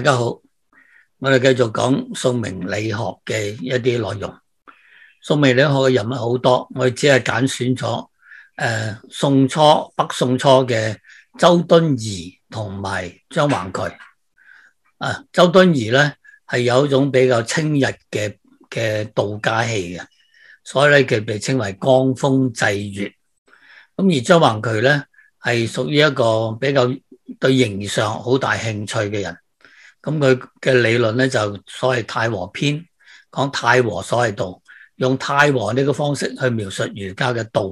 大家好，我哋繼續講宋明理學嘅一啲內容。宋明理學嘅人物好多，我哋只係揀選咗誒、呃、宋初、北宋初嘅周敦頤同埋張橫渠。啊，周敦頤咧係有一種比較清逸嘅嘅道家氣嘅，所以咧佢被稱為江風霽月。咁而張橫渠咧係屬於一個比較對形上好大興趣嘅人。咁佢嘅理論咧就所謂太和篇，講太和所謂道，用太和呢個方式去描述儒家嘅道。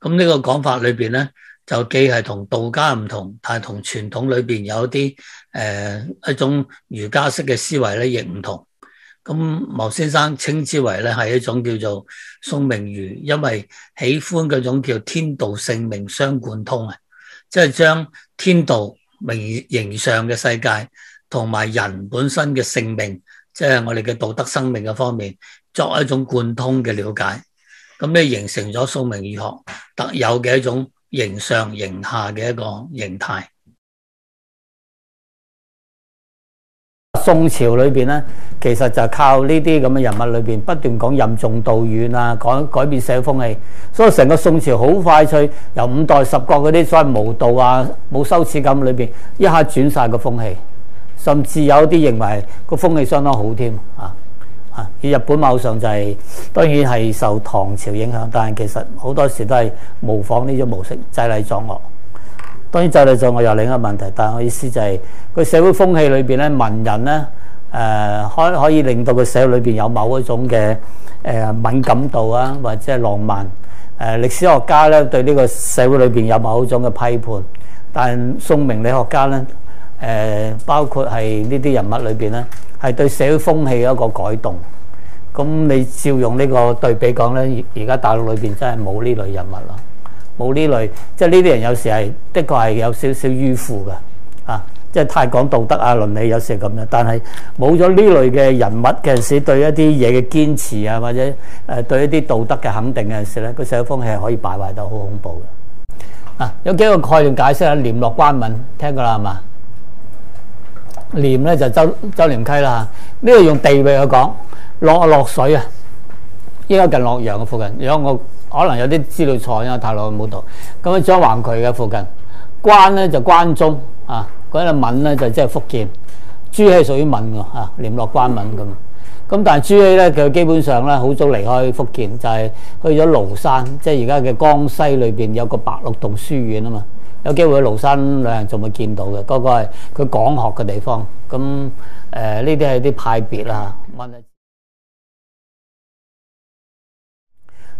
咁呢個講法裏邊咧，就既係同道家唔同，但係同傳統裏邊有啲誒、呃、一種儒家式嘅思維咧，亦唔同。咁毛先生稱之為咧係一種叫做宋明儒，因為喜歡嗰種叫天道性命相貫通啊，即係將天道明形上嘅世界。同埋人本身嘅性命，即係我哋嘅道德生命嘅方面，作為一種貫通嘅瞭解，咁咧形成咗宋明儒學特有嘅一種形上形下嘅一個形態。宋朝裏邊咧，其實就靠呢啲咁嘅人物裏邊不斷講任重道遠啊，改改變社會風氣，所以成個宋朝好快脆由五代十國嗰啲所謂無道啊、冇羞恥感裏邊，一下轉曬個風氣。甚至有啲認為個風氣相當好添，啊啊！日本某上就係、是、當然係受唐朝影響，但係其實好多時都係模仿呢種模式，制禮作樂。當然制禮作樂又另一個問題，但係我意思就係、是、個社會風氣裏邊咧，文人咧，誒、呃、可以可以令到個社會裏邊有某一種嘅誒、呃、敏感度啊，或者浪漫。誒、呃、歷史學家咧對呢個社會裏邊有某種嘅批判，但宋明理學家咧。誒，包括係呢啲人物裏邊咧，係對社會風氣嘅一個改動。咁你照用呢個對比講咧，而而家大陸裏邊真係冇呢類人物咯，冇呢類即係呢啲人有時係的確係有少少迂腐㗎啊！即係太講道德啊、倫理有時係咁樣，但係冇咗呢類嘅人物，其實對一啲嘢嘅堅持啊，或者誒對一啲道德嘅肯定嘅陣時咧，個社會風氣係可以敗壞得好恐怖㗎啊！有幾個概念解釋啊？濂洛關閩聽過啦，係嘛？濂咧就周周濂溪啦，呢個用地域去講，洛係洛水啊，應該近洛陽嘅附近。如果我可能有啲資料錯，因為我太耐冇讀。咁樣張橫渠嘅附近，關咧就關中啊，嗰個閩咧就即係福建，朱熹屬於閩㗎啊，濂洛關閩咁。咁但係朱熹咧，佢基本上咧好早離開福建，就係去咗廬山，即係而家嘅江西裏邊有個白鹿洞書院啊嘛。有機會去廬山兩日，仲會見到嘅嗰個係佢講學嘅地方。咁誒呢啲係啲派別啦。問、啊、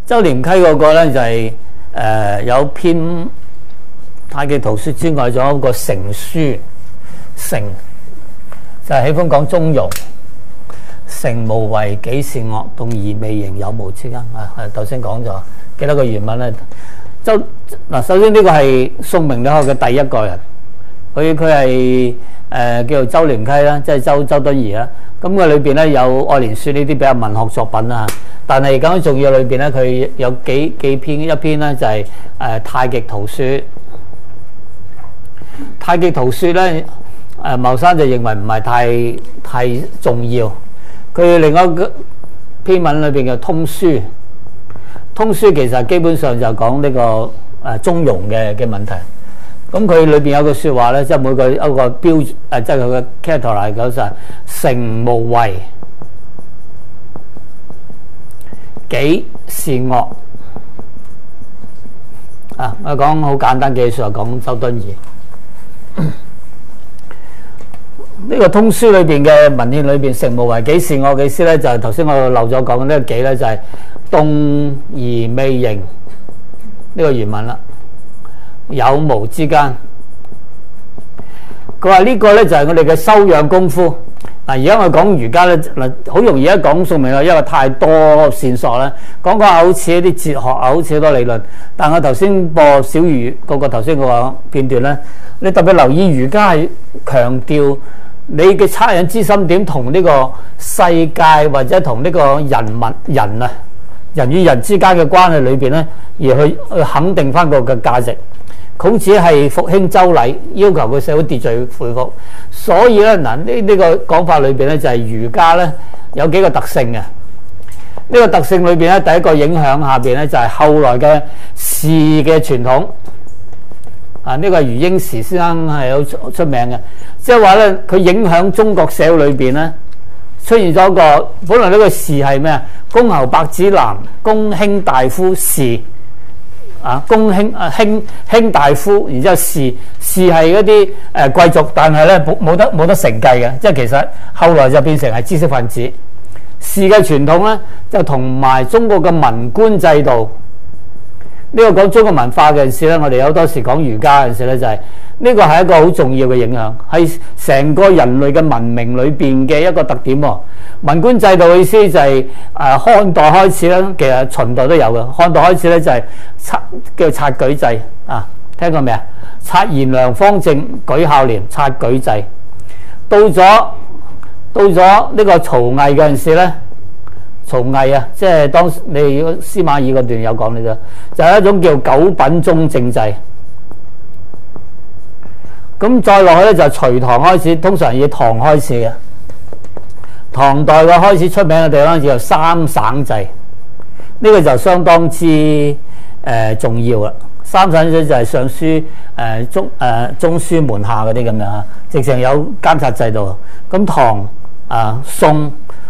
周濂溪嗰個咧就係、是、誒、呃、有篇《太極圖說》之外，仲有一個成書成，就係、是、喜歡講中庸。成無為幾善惡，動而未形有無之間啊！誒頭先講咗幾多個原文咧？周嗱，首先呢個係宋明理學嘅第一個人，佢佢係誒叫做周濂溪啦，即係周周敦頤啦。咁佢裏邊咧有《愛蓮說》呢啲比較文學作品啊。但係而家重要裏邊咧，佢有幾幾篇一篇咧就係、是、誒、呃《太極圖說》。太極圖說咧，誒，牟山就認為唔係太太重要。佢另外一篇文裏邊嘅《通書》。通書，其實基本上就講呢個誒中庸嘅嘅問題，咁佢裏邊有句説話咧，即係每個一個標誒，即係佢嘅卡塔萊講，就係誠無為，幾善惡啊？我講好簡單嘅説話，講周敦頤呢個通書裏邊嘅文獻裏邊，誠無為幾善惡嘅意思咧？就係頭先我漏咗講呢個幾咧，就係。動而未形呢個原文啦，有無之間。佢話呢個咧就係、是、我哋嘅修養功夫嗱。而、啊、家我講儒家咧，嗱好容易一講宋明啊，因為太多線索啦。講講好似一啲哲學，好似好多理論。但我頭先播小魚嗰個頭先嘅片段咧，你特別留意儒家係強調你嘅惻隱之心點同呢個世界或者同呢個人物人啊？人與人之間嘅關係裏邊咧，而去去肯定翻個嘅價值。孔子係復興周禮，要求個社會秩序恢復。所以咧，嗱、這個、呢呢個講法裏邊咧，就係儒家咧有幾個特性嘅。呢、這個特性裏邊咧，第一個影響下邊咧，就係、是、後來嘅士嘅傳統。啊，呢、這個係余英時先生係好出名嘅，即係話咧，佢影響中國社會裏邊咧。出現咗個，本來呢個士係咩啊？公侯伯子男，公卿大夫士，啊，公卿啊，卿卿大夫，然之後士士係一啲誒、呃、貴族，但係咧冇冇得冇得承繼嘅，即係其實後來就變成係知識分子。士嘅傳統咧，就同埋中國嘅文官制度。呢個講中國文化嘅陣時咧，我哋有好多時講儒家嘅陣時咧、就是，就係呢個係一個好重要嘅影響，係成個人類嘅文明裏邊嘅一個特點。文官制度嘅意思就係誒漢代開始咧，其實秦代都有嘅。漢代開始咧就係測叫察舉制啊，聽過未啊？察賢良方正，舉孝廉，察舉制。到咗到咗呢個曹魏嘅陣時咧。曹魏啊，即係當時你要司馬懿嗰段有講咧啫，就係、是、一種叫九品中正制。咁再落去咧就隋、是、唐開始，通常以唐開始嘅。唐代嘅開始出名嘅地方叫做三省制，呢、這個就相當之誒、呃、重要啦。三省制就係尚書誒、呃、中誒、呃、中書門下嗰啲咁樣啊，直情有監察制度。咁唐啊、呃、宋。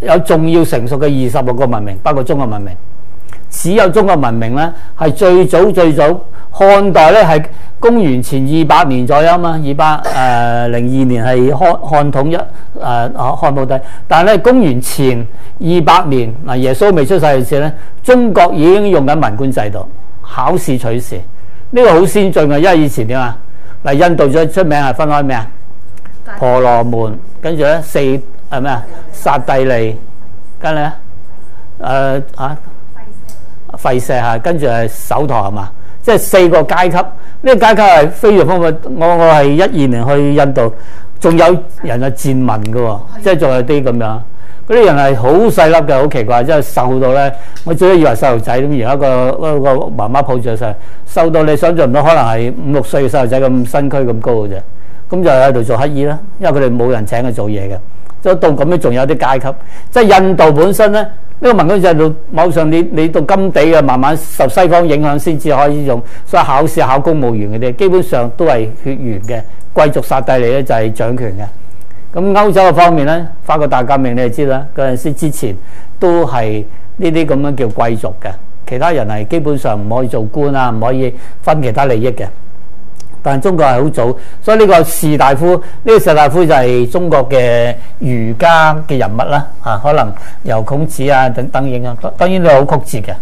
有重要成熟嘅二十六個文明，包括中國文明。只有中國文明咧，係最早最早，漢代咧係公元前二百年左右啊嘛，二百誒零二年係漢漢統一誒啊漢武帝。但係咧，公元前二百年嗱、啊，耶穌未出世嘅時候咧，中國已經用緊文官制度，考試取士，呢、這個好先進嘅，因為以前點啊？嗱，印度最出名係分開咩啊？婆羅門，跟住咧四。係咩啊？薩蒂利跟住咧，誒嚇廢石嚇，跟住係手陀係嘛，即係四個階級。呢個階級係非常方法，我我係一二年去印度，仲有人係賤民嘅喎，即係仲有啲咁樣嗰啲人係好細粒嘅，好奇怪，即係瘦到咧。我最初以為細路仔咁，而家個個個媽媽抱住個細路仔，瘦到你想象唔到，可能係五六歲嘅細路仔咁身軀咁高嘅啫。咁就喺度做乞兒啦，因為佢哋冇人請佢做嘢嘅。咁到咁樣仲有啲階級，即係印度本身咧，呢個文官制度，某上你你到金地嘅，慢慢受西方影響先至可以用。所以考試考公務員嗰啲，基本上都係血緣嘅貴族剎帝利咧，就係掌權嘅。咁歐洲嘅方面咧，法國大革命你就知啦，嗰陣時之前都係呢啲咁樣叫貴族嘅，其他人係基本上唔可以做官啊，唔可以分其他利益嘅。但中國係好早，所以呢個士大夫，呢、呢個士大夫就係中國嘅儒家嘅人物啦。啊，可能由孔子啊等等影響，當然都好曲折嘅。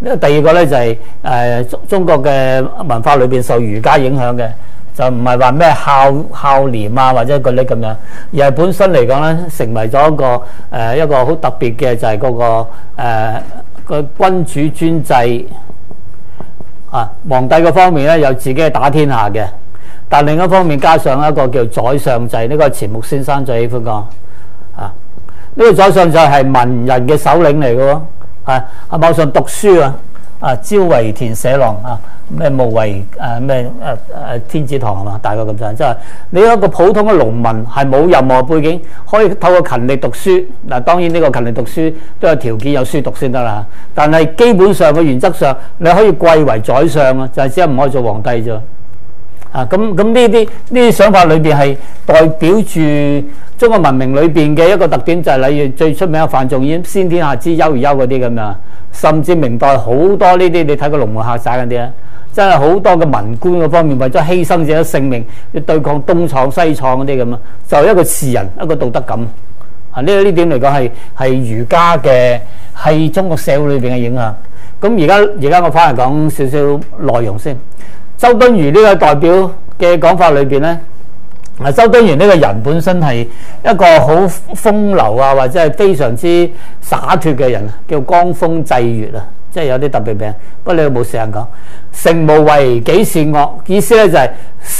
呢個第二個咧就係誒中中國嘅文化裏邊受儒家影響嘅，就唔係話咩孝孝廉啊或者嗰啲咁樣，而係本身嚟講咧，成為咗一個誒、呃、一個好特別嘅就係、是、嗰、嗰個誒、呃、個君主專制。啊！皇帝個方面咧，有自己係打天下嘅，但另一方面加上一個叫宰相制，呢個錢穆先生最喜歡講啊！呢個宰相制係文人嘅首領嚟嘅喎，係係網上讀書啊！啊！朝為田舍郎啊，咩無為誒咩誒誒天子堂係嘛？大概咁樣，即、就、係、是、你一個普通嘅農民係冇任何背景，可以透過勤力讀書。嗱、啊，當然呢個勤力讀書都有條件，有書讀先得啦。但係基本上嘅原則上，你可以貴為宰相啊，就係只係唔可以做皇帝啫。啊，咁咁呢啲呢啲想法裏邊係代表住中國文明裏邊嘅一個特點，就係、是、例如最出名嘅范仲淹先天下之憂而憂嗰啲咁樣，甚至明代好多呢啲你睇個龍門客棧嗰啲啊，真係好多嘅文官嗰方面為咗犧牲自己性命要對抗東廠西廠嗰啲咁啊，就一個士人一個道德感啊，呢呢點嚟講係係儒家嘅係中國社會裏邊嘅影響。咁而家而家我翻嚟講少，少少內容先。周敦頤呢個代表嘅講法裏邊咧，啊周敦頤呢個人本身係一個好風流啊，或者係非常之灑脫嘅人，叫江風霽月啊，即係有啲特別病。不過你有冇時間講誠無為，幾善惡？意思咧就係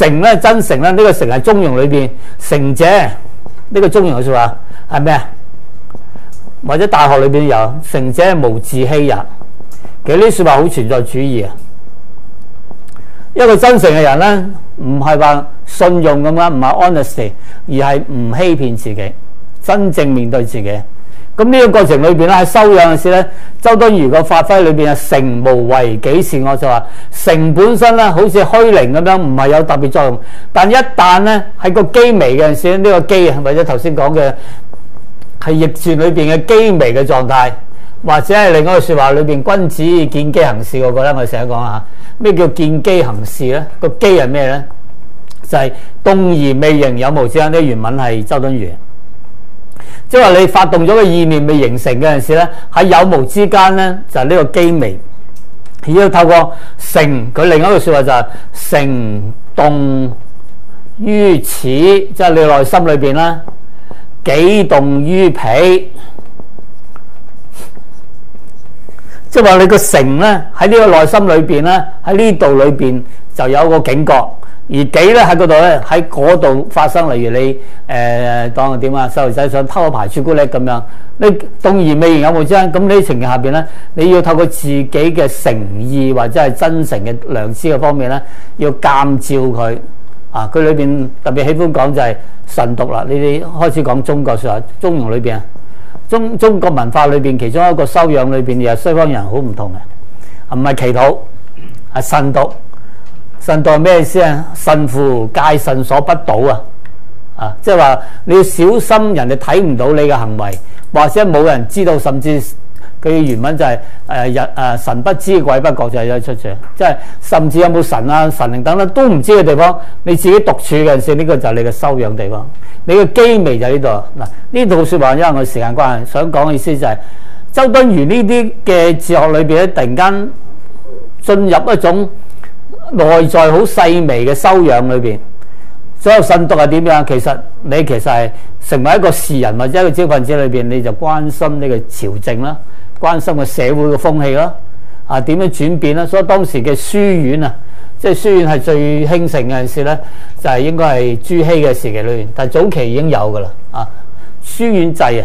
成咧真誠啦，呢、這個成係中庸裏邊成者呢、這個中庸嘅說話係咩啊？或者大學裏邊有成者無自欺人。其實呢啲說話好存在主義啊。一個真誠嘅人咧，唔係話信用咁樣，唔係 honesty，而係唔欺騙自己，真正面對自己。咁呢個過程裏邊咧，喺修養嘅時咧，周敦頤嘅發揮裏邊啊，誠無為，幾善惡，我就話誠本身咧，好似虛靈咁樣，唔係有特別作用。但係一旦咧喺個機微嘅時咧，呢個機係咪即係頭先講嘅係逆轉裏邊嘅機微嘅狀態？或者係另外一句説話裏邊，君子見機行事。我覺得我成日講啊。咩叫見機行事咧？個機係咩咧？就係、是、動而未形，有無之間，呢原文係周敦頤。即係話你發動咗個意念未形成嗰陣時咧，喺有無之間咧就係、是、呢個機微，要透過成佢另一個説話就係成動於此，即係你內心裏邊啦，幾動於彼。即係話你個誠咧喺呢個內心裏邊咧，喺呢度裏邊就有個警覺，而幾咧喺嗰度咧，喺嗰度發生，例如你誒、呃、當係點啊，細路仔想偷一排朱古力咁樣，你動而未然，有無之間，咁呢啲情形下邊咧，你要透過自己嘅誠意或者係真誠嘅良知嘅方面咧，要鑑照佢啊！佢裏邊特別喜歡講就係慎獨啦，你哋開始講中國説啊，中庸裏邊啊。中中國文化裏邊，其中一個修養裏邊，又西方人好唔同嘅，唔係祈禱，係慎獨。慎獨咩意思啊？慎乎戒慎所不睹啊！啊，即係話你要小心，人哋睇唔到你嘅行為，或者冇人知道，甚至佢嘅原文就係誒日誒，神不知鬼不覺，就係有出處，即係甚至有冇神啊、神靈等等都唔知嘅地方，你自己獨處嘅陣時候，呢、這個就係你嘅修養地方。你嘅機微就喺呢度嗱。呢套説話因為我時間關係，想講嘅意思就係、是、周敦頤呢啲嘅哲學裏邊咧，突然間進入一種內在好細微嘅修養裏邊。所有慎獨係點樣？其實你其實係成為一個士人或者一個知識分子裏邊，你就關心呢個朝政啦。關心嘅社會嘅風氣咯，啊點樣轉變咧？所以當時嘅書院啊，即係書院係最興盛嘅陣時咧，就係、是、應該係朱熹嘅時期裏邊，但係早期已經有嘅啦。啊，書院制啊，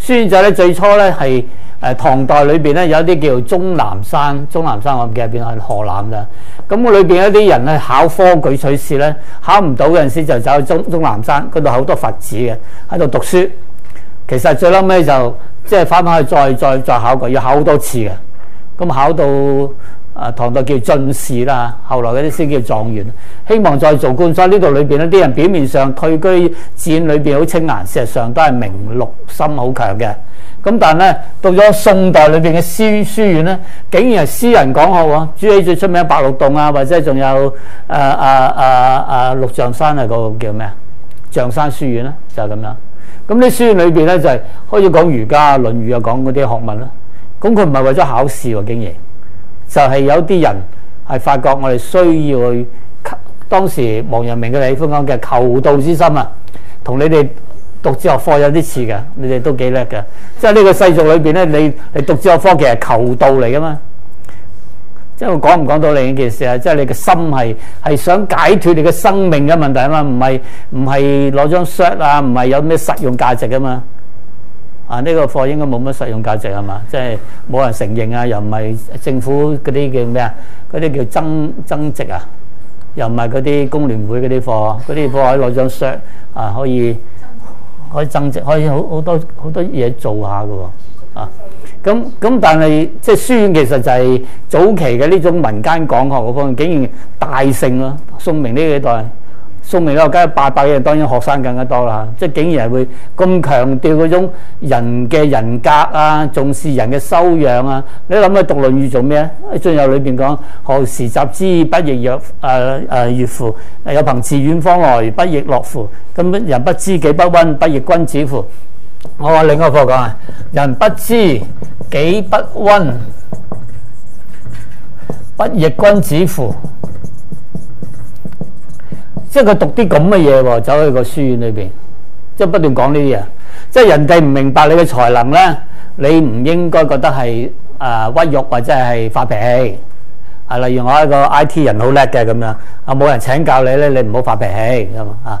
書院制咧最初咧係誒唐代裏邊咧，有一啲叫做鐘南山，鐘南山我唔記得邊度，係河南嘅。咁裏邊有啲人咧考科舉取士咧考唔到嗰陣時，就走去鐘鐘南山嗰度好多佛寺嘅喺度讀書。其實最嬲尾就。即係翻返去再再再考過，要考好多次嘅。咁、嗯、考到啊、呃、唐代叫進士啦，後來嗰啲先叫狀元。希望在做官身呢度裏邊咧，啲人表面上退居寺裏邊好清閒，事實上都係名利心好強嘅。咁、嗯、但係咧，到咗宋代裏邊嘅書書院咧，竟然係私人講學喎、啊。朱熹最出名白鹿洞啊，或者仲有啊啊啊啊陸、啊、象、啊、山啊，嗰、那個叫咩象山書院啦、啊，就係、是、咁樣。咁啲書裏邊咧就係開始講儒家啊，《論語》啊講嗰啲學問啦。咁佢唔係為咗考試喎，經爺，就係、是、有啲人係發覺我哋需要去，當時王陽明嘅李夫講嘅求道之心啊，同你哋讀哲學科有啲似嘅，你哋都幾叻嘅，即係呢個世俗裏邊咧，你你讀哲學科其實係求道嚟噶嘛。即係我講唔講到另一件事啊！即係你嘅心係係想解脫你嘅生命嘅問題啊嘛，唔係唔係攞張 shirt 啊，唔係有咩實用價值啊嘛！啊，呢個課應該冇乜實用價值啊嘛？即係冇人承認啊，又唔係政府嗰啲叫咩啊？嗰啲叫增增值啊？又唔係嗰啲工聯會嗰啲課，嗰啲課可以攞張 shirt 啊，可以可以增值，可以好好多好多嘢做下嘅喎啊！咁咁、嗯嗯，但係即係書院其實就係早期嘅呢種民間講學嘅方面，竟然大盛咯。宋明呢幾代，宋明啦，梗係八百幾人，當然學生更加多啦、啊。即係竟然係會咁強調嗰種人嘅人格啊，重視人嘅修養啊。你諗下《讀論語》做咩啊？仲有裏邊講何時習之不亦若誒誒悅乎？有朋自遠方來不亦樂乎？咁人不知己不慍不亦君子乎？我話、哦、另外一個課講，人不知己不温，不亦君子乎？即係佢讀啲咁嘅嘢喎，走去個書院裏邊，即係不斷講呢啲嘢。即係人哋唔明白你嘅才能咧，你唔應該覺得係誒、呃、屈辱或者係發脾氣。啊，例如我一個 I T 人好叻嘅咁樣，啊冇人請教你咧，你唔好發脾氣咁啊。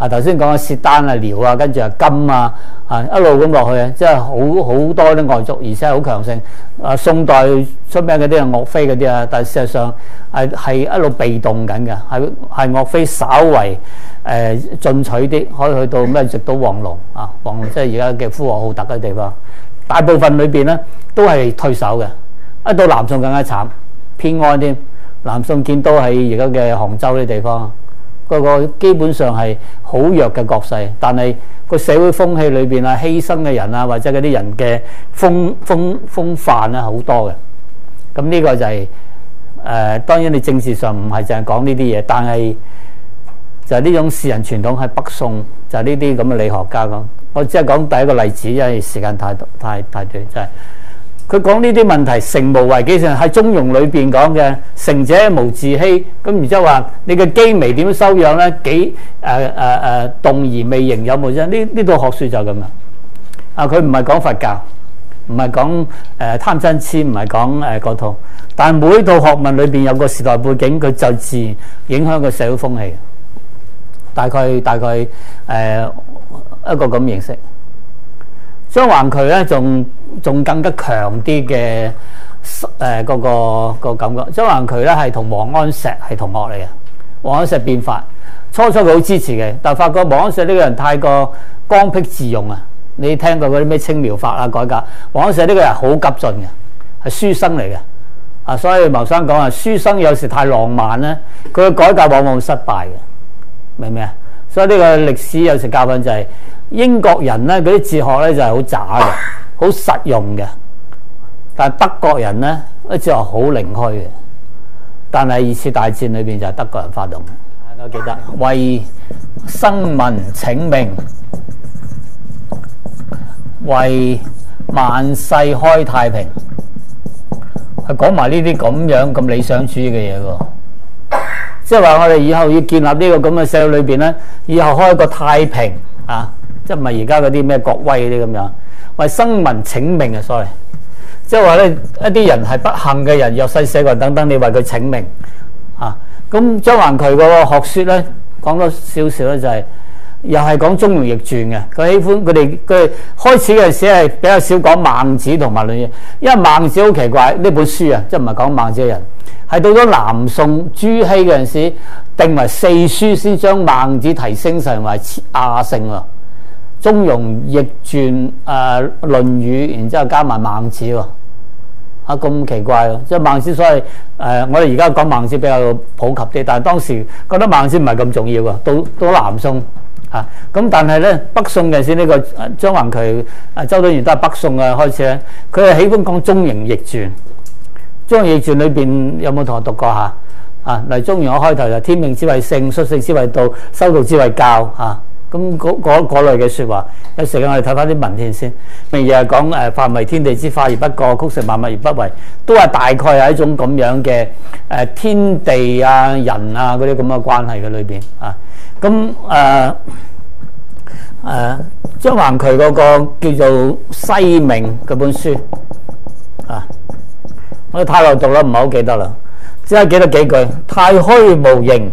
啊頭先講啊，薛丹啊、遼啊，跟住啊金啊，啊一路咁落去啊，即係好好多啲外族，而且好強盛。啊，宋代出名嗰啲啊，岳飛嗰啲啊，但事實上係係一路被動緊嘅，係係岳飛稍為誒、呃、進取啲，可以去到咩直到黃龍啊，黃龍即係而家嘅呼和浩特嘅地方。大部分裏邊咧都係退守嘅，一、啊、到南宋更加慘，偏安添。南宋建都喺而家嘅杭州啲地方。個個基本上係好弱嘅國勢，但係個社會風氣裏邊啊，犧牲嘅人啊，或者嗰啲人嘅風風風範啊，好多嘅。咁、這、呢個就係、是、誒、呃，當然你政治上唔係淨係講呢啲嘢，但係就係呢種士人傳統喺北宋就係呢啲咁嘅理學家咁。我只係講第一個例子，因為時間太太太短，真係。佢講呢啲問題，成無為幾成？喺中庸裏邊講嘅，成者無自欺。咁然之後話你嘅機微點樣修養咧？幾誒誒誒動而未形有冇啫？呢呢套學說就咁啦。啊，佢唔係講佛教，唔係講誒貪嗔痴，唔係講誒嗰套。但係每套學問裏邊有個時代背景，佢就自然影響個社會風氣。大概大概誒一個咁形式。張橫渠咧，仲仲更加強啲嘅誒嗰個感覺。張橫渠咧係同王安石係同學嚟嘅。王安石變法初初佢好支持嘅，但係發覺王安石呢個人太過剛愎自用啊！你聽過嗰啲咩青苗法啊改革？王安石呢個人好急進嘅，係書生嚟嘅啊。所以牟生講啊，書生有時太浪漫咧，佢嘅改革往往失敗嘅，明唔明啊？所以呢個歷史有時教訓就係、是。英國人咧，嗰啲哲學咧就係好渣嘅，好實用嘅。但係德國人咧，啲哲學好靈虛嘅。但係二次大戰裏邊就係德國人發動。大家記得為生民請命，為萬世開太平，係講埋呢啲咁樣咁理想主義嘅嘢喎。即係話我哋以後要建立呢個咁嘅社會裏邊咧，以後開個太平啊！即係唔係而家嗰啲咩國威嗰啲咁樣，為生民請命啊！sorry，即係話咧一啲人係不幸嘅人，弱勢社會等等，你為佢請命啊！咁張橫渠個學説咧講多少少咧，就係又係講《中庸》易傳嘅。佢喜歡佢哋佢開始嗰陣時係比較少講孟子同埋論語，因為孟子好奇怪呢本書啊，即係唔係講孟子嘅人係到咗南宋朱熹嗰陣時定為四書，先將孟子提升成為亞聖啊。《中庸逆傳》易、啊、傳，誒，《論語》然之後加埋孟子、哦，吓、啊、咁奇怪、哦，即、啊、係孟子所謂誒、呃，我哋而家講孟子比較普及啲，但係當時覺得孟子唔係咁重要噶，到到南宋吓，咁、啊、但係咧北宋嘅先呢個張橫渠、誒、啊、周敦頤都係北宋嘅開始，佢係喜歡講《中庸》易傳，《中庸》易傳裏邊有冇同學讀過下啊，嚟《中庸》我開頭就天命之謂性，率性之謂道，修道之謂教，吓、啊。咁嗰嗰嗰類嘅説話，有時間我哋睇翻啲文獻先。譬如係講誒，範圍天地之化而不過，曲成萬物而不為，都係大概係一種咁樣嘅誒天地啊、人啊嗰啲咁嘅關係嘅裏邊啊。咁誒誒，張橫渠嗰個叫做《西銘》嗰本書啊，我哋太耐讀啦，唔係好記得啦，只係記得幾句：太虛無形。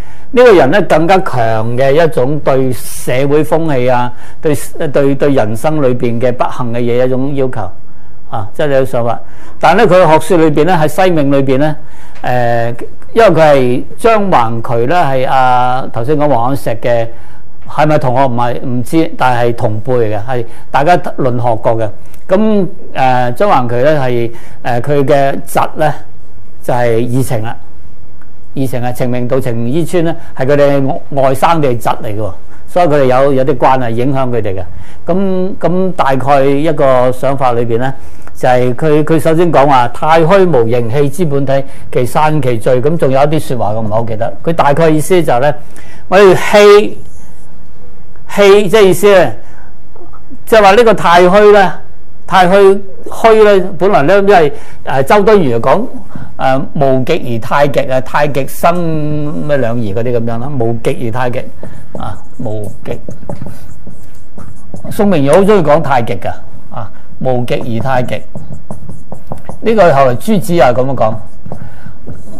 呢個人咧更加強嘅一種對社會風氣啊，對誒，對，對，對人生裏邊嘅不幸嘅嘢一種要求啊，即係你有想法。但咧佢嘅學説裏邊咧喺西銘裏邊咧，誒、呃，因為佢係張橫渠咧，係啊，頭先講王安石嘅，係咪同學唔係唔知，但係同輩嘅係大家論學過嘅。咁誒張橫渠咧係誒佢嘅侄咧就係、是、二程啦。二程係程明道、程伊川咧，係佢哋外生嘅姪嚟嘅，所以佢哋有有啲關係影響佢哋嘅。咁咁大概一個想法裏邊咧，就係佢佢首先講話太虛無形，氣之本體，其散其聚。咁仲有一啲説話，我唔係好記得。佢大概意思就係、是、咧，我哋氣氣即係意思咧，即係話呢個太虛咧。太虛虛咧，本來咧都係誒周敦頤嚟講誒無極而太極啊，太極生咩兩儀嗰啲咁樣啦，無極而太極啊，無極。宋明儒好中意講太極嘅啊，無極而太極。呢個後來朱子又咁樣講。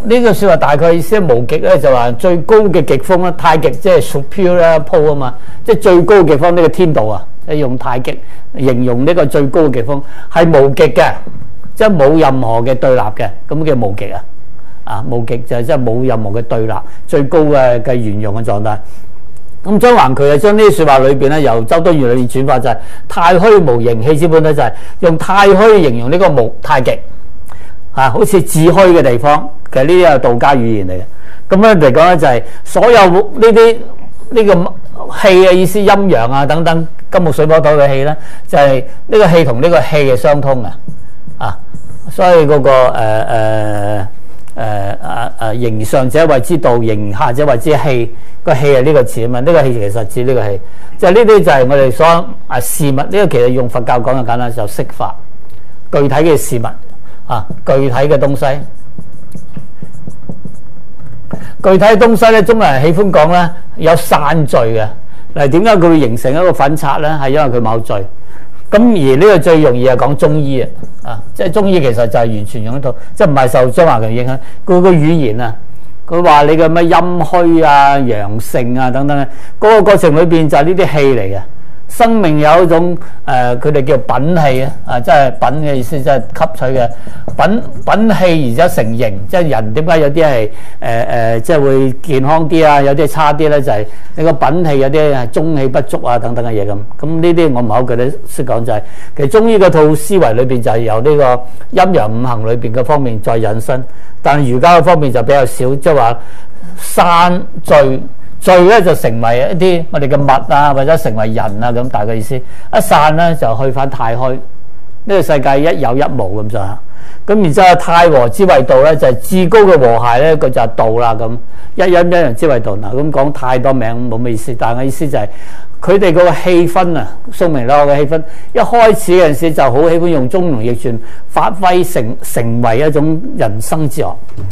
呢個説話大概意思係無極咧就話最高嘅極峰啦，太極即係 super 咧鋪啊嘛，即係最高嘅極峰呢個天道啊。用太極形容呢個最高嘅極峰，係無極嘅，即係冇任何嘅對立嘅，咁叫無極啊！啊，無極就係即係冇任何嘅對立，最高嘅嘅圓融嘅狀態。咁張橫渠，啊，將呢啲説話裏邊咧，由周敦頤嚟轉化就係、是、太虛無形氣之本咧，就係用太虛形容呢個無太極啊，好似自虛嘅地方。其實呢啲係道家語言嚟嘅。咁樣嚟講咧，就係所有呢啲呢個氣嘅意思，陰陽啊等等。金木水火土嘅氣咧，就係、是、呢個氣同呢個氣係相通嘅啊，所以嗰、那個誒誒誒誒誒形上者為之道，形下者為之氣。個氣係呢個字啊嘛，呢、這個氣其實指呢個氣，即係呢啲就係、是、我哋所誒、啊、事物。呢、這個其實用佛教講就簡單，就色、是、法。具體嘅事物啊，具體嘅東西，具體嘅東西咧，中國人喜歡講咧，有散聚嘅。嗱，點解佢會形成一個粉刷咧？係因為佢冇罪。咁而呢個最容易係講中醫啊！啊，即係中醫其實就係完全用一套，即係唔係受張橫渠影響，佢個語言啊，佢話你嘅咩陰虛啊、陽性啊等等，嗰、嗰個過程裏邊就係呢啲氣嚟嘅。生命有一種誒，佢、呃、哋叫品氣啊，啊、呃，即係品嘅意思，即係吸取嘅品品氣，而家成形，即係人點解有啲係誒誒，即係會健康啲啊，有啲差啲咧，就係、是、你個品氣有啲係中氣不足啊，等等嘅嘢咁。咁呢啲我唔係好覺得識講，就係、是、其實中醫嗰套思維裏邊就係由呢個陰陽五行裏邊嘅方面再引申，但係儒家嘅方面就比較少，即係話散聚。山聚咧就成為一啲我哋嘅物啊，或者成為人啊咁大嘅意思。一散咧就去返太虛，呢、這個世界一有一無咁就。咁然之後太和之謂道咧就係、是、至高嘅和諧咧，佢就係道啦咁。一陰一陽之謂道嗱，咁講太多名冇咩意思，但係我意思就係佢哋個氣氛啊，宋明儒嘅氣氛，一開始嗰陣時就好喜歡用中庸易傳，發揮成成為一種人生哲學。